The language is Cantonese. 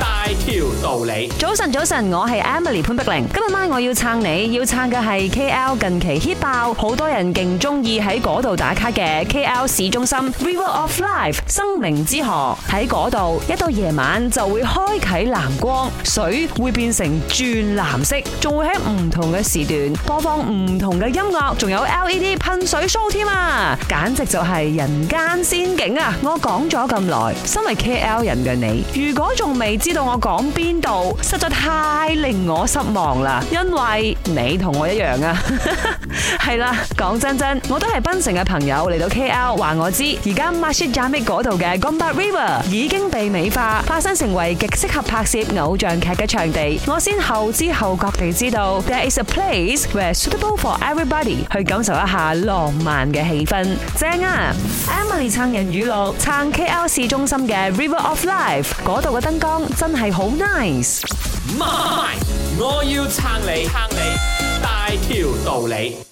大條道理，早晨早晨，我係 Emily 潘碧玲。今日晚我要撐你，要撐嘅係 KL 近期 hit 爆，好多人勁中意喺嗰度打卡嘅 KL 市中心 River of Life 生命之河。喺嗰度，一到夜晚就會開啟藍光，水會變成轉藍色，仲會喺唔同嘅時段播放唔同嘅音樂，仲有 LED 噴水 show 添啊！簡直就係人間仙境啊！我講咗咁耐，身為 KL 人嘅你，如果仲未知道我講邊度，實在太令我失望啦！因為你同我一樣啊， 係啦，講真真，我都係檳城嘅朋友嚟到 KL，話我知，而家 Malaysia 嗰度嘅 Gombak River 已經被美化，化身成為極適合拍攝偶像劇嘅場地。我先後知後覺地知道，There is a place where suitable for everybody，去感受一下浪漫嘅氣氛，正啊！Emily 撐人語錄，撐 KL 市中心嘅 River of Life 嗰度嘅燈光。真係好 nice，媽咪，我要撐你，撐你，大條道理。